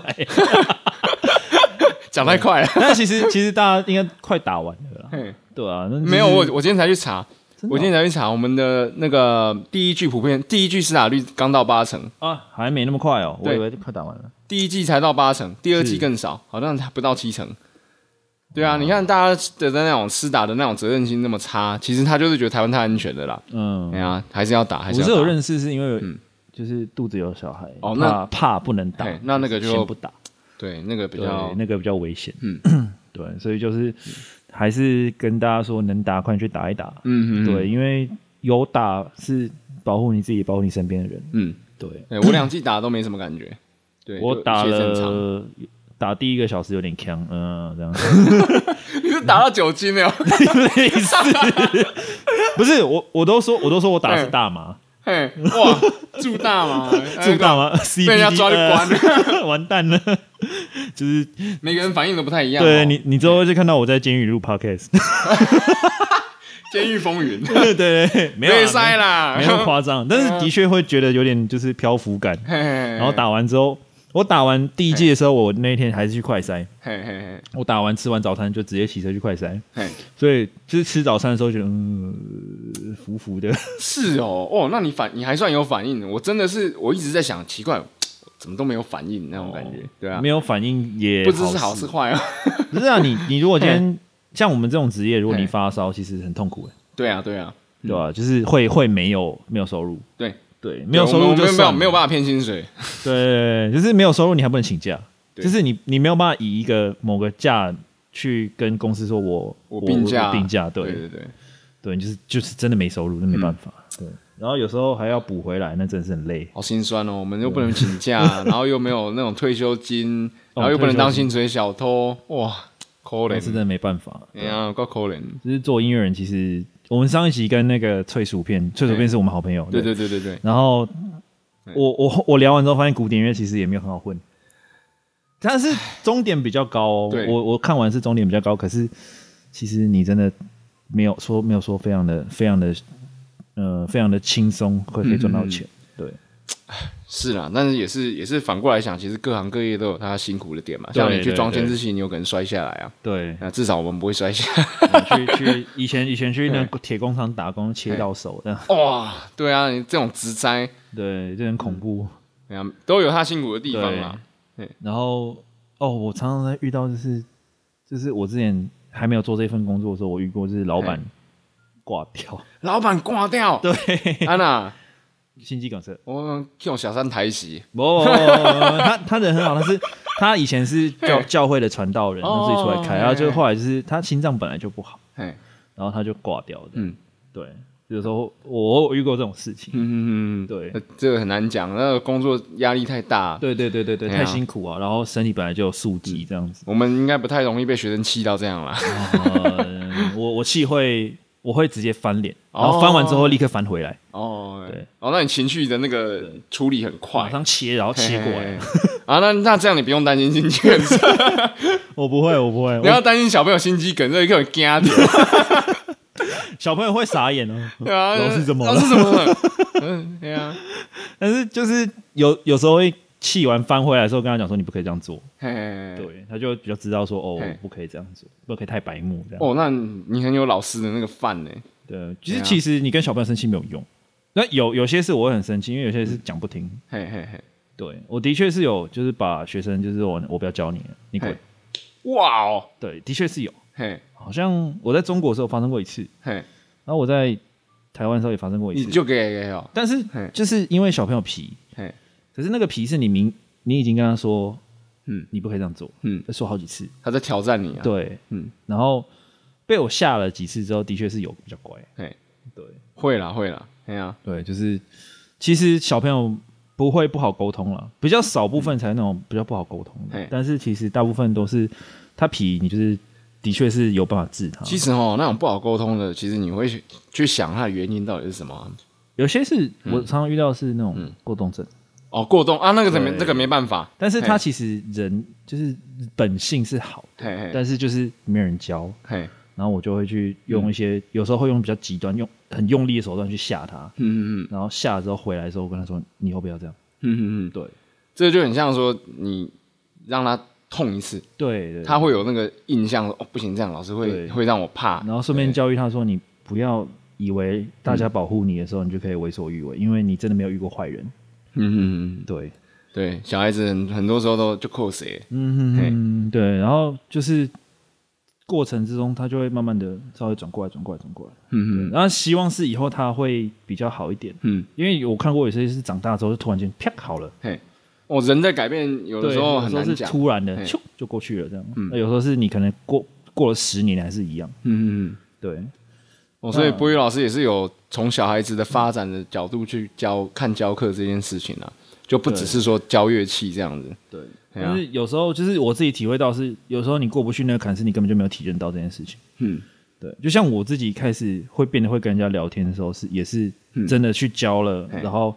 講 太快了。但其實其實大家應該快打完了啦。 對啊，那就是、沒有我我今天才去查、喔，我今天才去查我們的那個第一劑，普遍、嗯、第一劑施打率剛到八成啊，還沒那麼快哦、喔。我以為就快打完了，第一劑才到八成，第二劑更少，好像不到七成。對啊，你看大家的那種施打的那種責任心那麼差，其實他就是覺得台灣太安全的啦。嗯、對、啊、還是要打，還是要打。我是有認識，是因為、嗯，就是肚子有小孩，哦，那怕，怕不能打，那那個就先不打，對，那個比較那個比較危險，嗯，對，所以就是還是跟大家說，能打快去打一打，嗯哼哼對，因為有打是保護你自己，保護你身邊的人，嗯，對，對我兩次打都沒什麼感覺，對我打了。打第一個小時有點強，嗯，這樣子。 你是打到酒精沒有？類似，不是我，我都說，我都說我打是大麻， 嘿，哇，住大麻， 住大麻，被、哎、人、呃、家抓去關了， 完蛋了。 就是每個人反應都不太一樣、哦。對你，你之後就看到我在監獄錄 podcast，《監 獄 風雲》 對對對，對，沒有，沒那麼誇張，但是的確會覺得有點就是漂浮感。嗯、然後打完之後。我打完第一劑的時候，hey. 我那一天還是去快篩。嘿嘿嘿，我打完吃完早餐就直接騎車去快篩。嘿、hey.，所以就是吃早餐的時候就嗯，浮浮的。是哦，哦，那你反你還算有反應，我真的是我一直在想，奇怪，怎麼都沒有反應那種感覺。對啊，沒有反應也不知是好是壞啊。 不是啊，你你如果今天、hey. 像我們這種職業，如果你發燒，其實很痛苦哎。Hey. 對啊，對啊，對、嗯、啊，就是會會沒有沒有收入。對。對，沒有收入就沒有，沒有，沒，有沒有辦法騙薪水。對，對，對，就是沒有收入，你還不能請假，就是你你沒有辦法以一個某個假去跟公司說我我病假病假。對對對，對，就是就是真的沒收入，那沒辦法、嗯。對，然後有時候還要補回來，那真的是很累，好心酸哦。我們又不能請假、嗯，然後又沒有那種退休金， 然後又不能當薪水小偷，哇，可憐，是真的沒辦法。哎呀、啊，夠可憐。只、嗯就是做音樂人，其實。我們上一集跟那個脆薯片，okay. 脆薯片是我們好朋友。對對，對對對對。然後、okay. 我我我聊完之後，發現古典樂，其實也沒有很好混，但是終點比較高。哦，我我看完是終點比較高，可是其實你真的沒有說沒有說非常的非常的，呃，非常的輕鬆，會可以賺到錢。 對。是啊，但是也是也是反過來想，其實各行各業都有他辛苦的點嘛。像你去裝監視器，你有可能摔下來啊。對，那至少我們不會摔下來、嗯。去去以前以前去那鐵工廠打工，切到手的。哇、哦，對啊，這種職災，對，就很恐怖、啊，都有他辛苦的地方嘛、啊。對，然後哦，我常常在遇到就是就是我之前還沒有做這份工作的時候，我遇過就是老闆掛掉，老闆掛掉，對，安娜。心肌梗塞，我、哦、用小三抬起。哦，他他人很好，但是他以前是教教會的傳道人，他自己出來開，然、哦、後就後來就是他心臟本來就不好，然後他就掛掉的。嗯，對，有時候我遇過這種事情。嗯嗯對，這個很難講，那個工作壓力太大，對對對對，對，對、啊、太辛苦啊，然後身體本來就有素質這樣子、嗯。我們應該不太容易被學生氣到這樣啦、嗯，我我氣會。我會直接翻臉，然後翻完之後立刻翻回來。哦、oh,，對，哦，那你情緒的那個處理很快，馬上切，然後切過來。啊，那那這樣你不用擔心情緒。我不會，我不會。你要擔心小朋友心肌梗塞，這一刻驚掉。小朋友會傻眼哦、喔。啊， 老師怎麼了？ 老師怎麼了？ 嗯、對啊， 但是就是有有時候會。氣完翻回來的時候，跟他講說：“你不可以這樣做、hey,。Hey, ” hey, hey, 對，他就比較知道說：“哦，不可以這樣子，hey, 不可以太白目這樣。”哦，那你很有老師的那個範呢、欸？對，其、就、實、是、其實你跟小朋友生氣沒有用。Yeah, 那有有些事我會很生氣，因為有些事講不聽。嘿嘿嘿，hey, hey, hey, 對，我的確是有，就是把學生，就是我我不要教你了，你滾。哇哦，對，的確是有。嘿、hey,，好像我在中國的時候發生過一次。嘿、hey,，然後我在台灣的時候也發生過一次。就給給但是就是因為小朋友皮。可是那個皮是你明，你已經跟他說，嗯，你不可以這樣做，嗯，說好幾次，他在挑戰你啊，對，嗯，然後被我嚇了幾次之後，的確是有比較乖，哎，對，會啦會啦，哎啊，對，就是其實小朋友不會不好溝通了，比較少部分才那種比較不好溝通的，但是其實大部分都是他皮，你就是的確是有辦法治他。其實哦，那種不好溝通的、嗯，其實你會去去想他的原因到底是什麼？有些是我常常遇到的是那種過動症。嗯嗯哦，過動啊，那個怎麼這、那個沒辦法？但是他其實人就是本性是好嘿嘿，但是就是沒有人教嘿嘿。然後我就會去用一些，嗯、有時候會用比較極端、用很用力的手段去嚇他。嗯嗯嗯。然後嚇了之後回來之後，我跟他說：“你以後不要這樣。”嗯嗯嗯。對，這就很像說你讓他痛一次，對、對、對，他會有那個印象說哦，不行，這樣老師會會讓我怕。然後順便教育他說：“你不要以為大家保護你的時候、嗯，你就可以為所欲為，因為你真的沒有遇過壞人。”嗯嗯嗯，對對，小孩子很很多時候都就扣鞋，嗯嗯嗯，對，然後就是過程之中他就會慢慢的稍微轉過來轉過來轉過來，嗯哼，然後希望是以後他會比較好一點，嗯，因為我看過有些是長大之後就突然間啪好了，嘿，我、哦、人在改變有的時候很難講，有的時候是突然的咻就過去了這樣，那、嗯、有時候是你可能過過了十年還是一樣，嗯嗯對。哦、所以秉均老師也是有從小孩子的發展的角度去教看教課這件事情啊，就不只是說教樂器這樣子。對，就是有時候就是我自己體會到是，有時候你過不去那個坎是你根本就沒有體驗到這件事情。嗯，對，就像我自己開始會變得會跟人家聊天的時候，是也是真的去教了、嗯，然後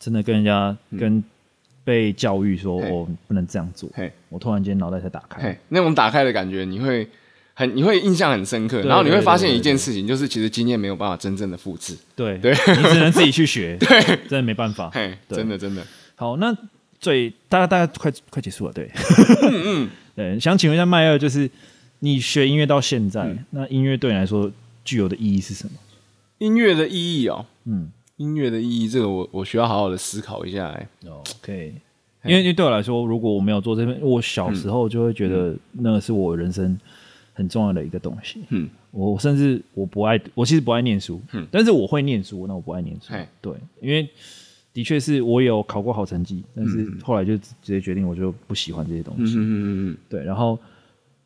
真的跟人家跟被教育說、嗯、哦不能這樣做，嘿我突然間腦袋才打開嘿。那種打開的感覺，你會？很，你會印象很深刻，然後你會發現一件事情，就是其實經驗沒有辦法真正的複制。對對,對，你只能自己去學，對，真的沒辦法， 真的真的。好，那嘴，大家大家快快結束了，對。嗯嗯。 對，想請問一下麥二就是你學音樂到現在、嗯，那音樂對你來說具有的意義是什麼？音樂的意義哦，嗯，音樂的意義，這個我我需要好好的思考一下、欸。OK，、嗯、因為對我來說，如果我沒有做這邊，我小時候就會覺得那個是我人生。很重要的一個東西。嗯，我甚至我不愛，我其實不愛念書。嗯，但是我會念書，那我不愛念書。對，因為的確是我有考過好成績，嗯，但是後來就直接決定我就不喜歡這些東西。嗯嗯嗯，嗯，對，然後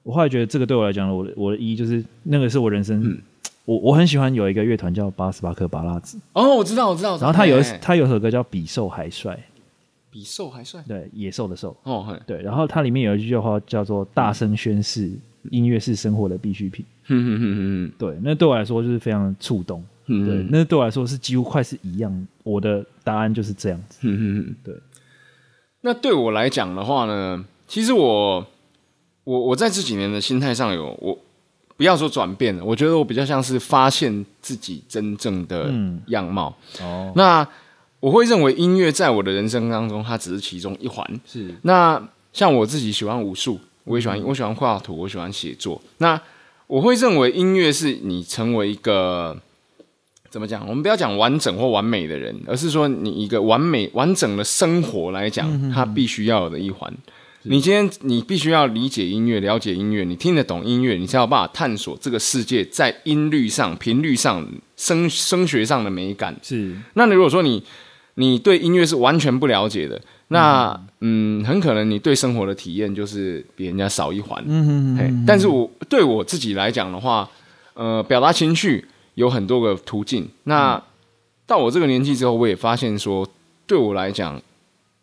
我後來覺得這個對我來講，我的我的意義就是那個是我人生。嗯，我我很喜歡有一個樂團叫八十八顆芭樂籽。哦，我知道，我知道。然後他有他有首歌叫《比獸還帥》，比獸還帥。對，野獸的獸。哦。對，然後它裡面有一句話叫做“大聲宣誓”嗯。音樂是生活的必需品。嗯哼哼哼哼，對，那對我來說就是非常觸動。嗯哼哼，對，那對我來說是幾乎快是一樣，我的答案就是這樣子，嗯、哼哼對。那對我來講的話呢，其實我，我，我在這幾年的心態上有，我不要說轉變，我覺得我比較像是發現自己真正的樣貌。嗯、哦，那我會認為音樂在我的人生當中，它只是其中一環，是。那像我自己喜歡武術。我也喜歡，我喜歡我喜歡畫畫圖，我喜歡寫作。那我會認為音樂是你成為一個怎麼講？我們不要講完整或完美的人，而是說你一個完美完整的生活來講，它必須要有的一環。嗯。你今天你必須要理解音樂，了解音樂，你聽得懂音樂，你才有辦法探索這個世界在音律上、頻率上、聲聲學上的美感。是，那你如果說你你對音樂是完全不了解的。那嗯，很可能你對生活的體驗就是比人家少一環。嗯哼哼哼嘿，但是我對我自己來講的話，呃，表達情緒有很多個途徑。那、嗯、到我這個年紀之後，我也發現說，對我來講，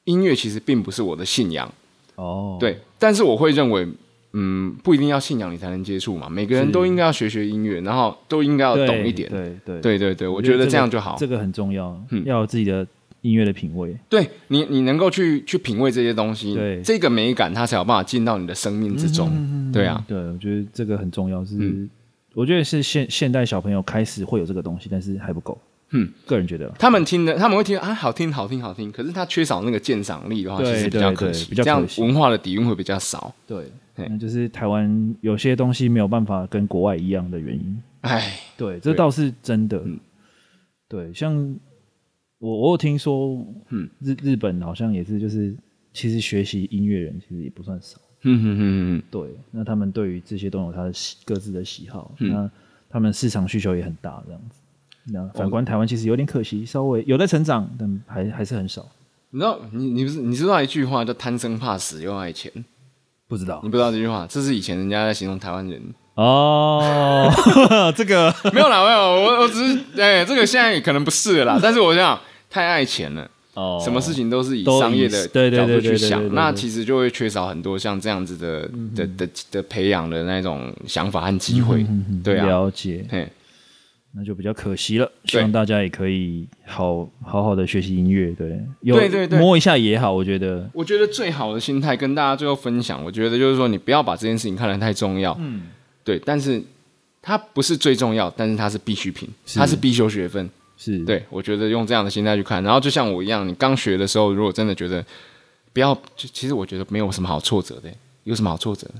音樂其實並不是我的信仰。哦。對，但是我會認為，嗯，不一定要信仰你才能接觸嘛。每個人都應該要學學音樂，然後都應該要懂一點。對對對，對對對，我覺得這樣就好。這個、就好這個很重要，嗯、要有自己的。音樂的品味，對你，你能夠去去品味這些東西，對這個美感，它才有辦法進到你的生命之中，嗯、對啊，對我覺得這個很重要，是、嗯、我覺得是現現代小朋友開始會有這個東西，但是還不夠，嗯，個人覺得，他們聽的他們會聽啊，好聽好聽好聽，可是他缺少那個鑑賞力的話，其實比較可惜，對對比較可惜，這樣文化的底蘊會比較少，對，那就是台灣有些東西沒有辦法跟國外一樣的原因，哎，對，這倒是真的，嗯、對，像。我我有聽說日、日日本好像也是，就是其實學習音樂人其實也不算少。嗯哼哼哼對，那他們對於這些都有他的各自的喜好，嗯、那他們市場需求也很大，這樣子。那反觀台灣，其實有點可惜，稍微有在成長，但還還是很少。你知道，你你不是你知道一句話叫“貪生怕死又愛錢”，不知道你不知道這句話，這是以前人家在形容台灣人哦。 這個沒有啦，沒有我我只是哎、欸，這個現在也可能不是了啦，但是我這樣。太愛錢了，哦、oh，什麼事情都是以商業的角度對對，去想，那其實就會缺少很多像這樣子的、嗯、的的的，的培養的那種想法和機會，嗯、哼哼哼對啊，了解，那就比較可惜了。希望大家也可以好好好的學習音樂，對，有對對，對摸一下也好，我覺得，我覺得最好的心態跟大家最後分享，我覺得就是說，你不要把這件事情看得太重要，嗯，對，但是它不是最重要，但是它是必需品，是它是必修學分。是對，我覺得用這樣的心態去看，然後就像我一樣，你剛學的時候，如果真的覺得不要，其實我覺得沒有什麼好挫折的，有什麼好挫折的？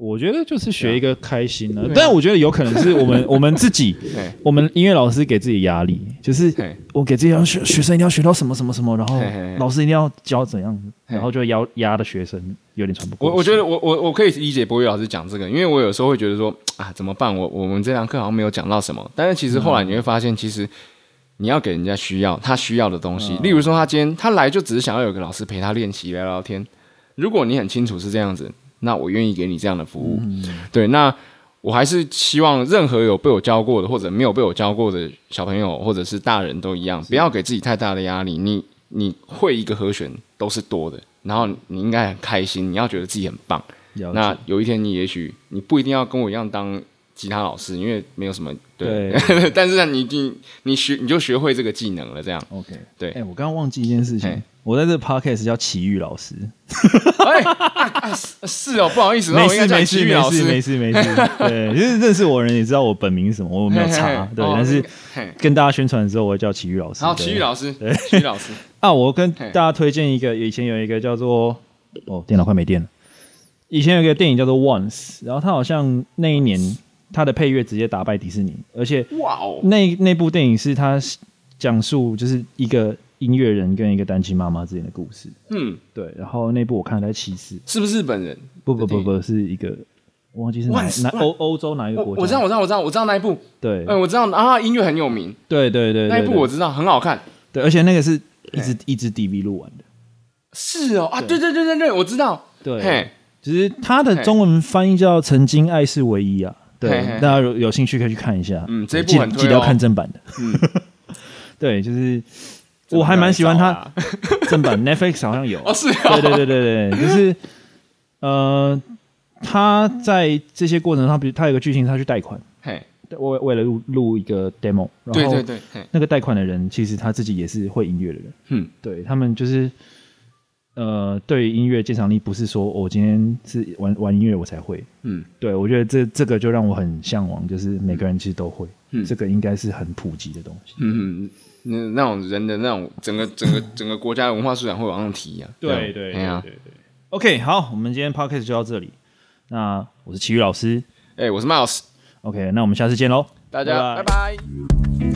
我覺得就是學一個開心的，但我覺得有可能是我們、啊、我們自己， 我們音樂老師給自己壓力，就是我給這些學學生一定要學到什麼什麼什麼，然後老師一定要教怎樣嘿嘿嘿，然後就壓壓的學生有點喘不過，我我覺得我我我可以理解博宇老師講這個，因為我有時候會覺得說啊怎麼辦？我我們這堂課好像沒有講到什麼，但是其實後來你會發現，嗯、其實你要給人家需要他需要的東西，嗯、例如說他今天他來就只是想要有個老師陪他練習聊聊天，如果你很清楚是這樣子。那我願意給你這樣的服務，嗯嗯，對。那我還是希望任何有被我教過的或者沒有被我教過的小朋友，或者是大人都一樣，不要給自己太大的壓力。你你會一個和弦都是多的，然後你應該很開心，你要覺得自己很棒。那有一天你也許你不一定要跟我一樣當吉他老師，因為沒有什麼對，對對對 但是你你你學你就學會這個技能了，這樣 OK 對。哎、欸，我剛剛忘記一件事情。我在這個 podcast 叫騎慾老師、哦欸啊是，是哦，不好意思，沒事、哦、我應該叫騎慾老師，沒事沒事沒事嘿嘿嘿，對，就是認識我人也知道我本名是什麼，我沒有查，對，嘿嘿嘿，但是嘿嘿跟大家宣傳的時候我會叫騎慾老師，然後騎慾老師對對，騎慾老師，啊，我跟大家推薦一個，以前有一個叫做，哦，電腦快沒電了，以前有一個電影叫做 Once，然後他好像那一年他的配樂直接打敗迪士尼，而且哇哦，那那部電影是他講述就是一個。音樂人跟一個單親媽媽之間的故事。嗯，對。然後那部我看了在七十，是不是日本人？不不不不,不，是一個，忘記是哪歐歐洲哪一個國家？What? 我,我知道，我知道，我知道，我知道那一部。對，哎，我知道啊，音樂很有名。對對對,對，那一部我知道很好看，而且那個是一支一支 DV 錄完的。是哦啊，對對對對對，我知道。喔、對，其實他的中文翻譯叫《曾經愛是唯一》啊。對，大家有興趣可以去看一下。嗯，這部記得要看正版的。嗯， 對，就是。啊、我還蠻喜歡他正版 Netflix 好像有，啊，對對對對對，對，就是呃，他在這些過程中，他比如他有一個劇情，他去貸款，為為了錄一個 demo，然後那個貸款的人其實他自己也是會音樂的人，嗯，對他們就是呃，對音樂鑑賞力不是說我今天是玩玩音樂我才會，嗯，對我覺得這這個就讓我很向往，就是每個人其實都會，這個應該是很普及的東西嗯，嗯。嗯那那種人的那種整個整個整個國家的文化素養會往上提啊。對對、啊、對對對,對,對。OK，好，我們今天 podcast 就到這裡。那我是騎慾老師，哎、欸，我是 m Miles OK，那我們下次見嘍，大家拜拜。Bye bye bye bye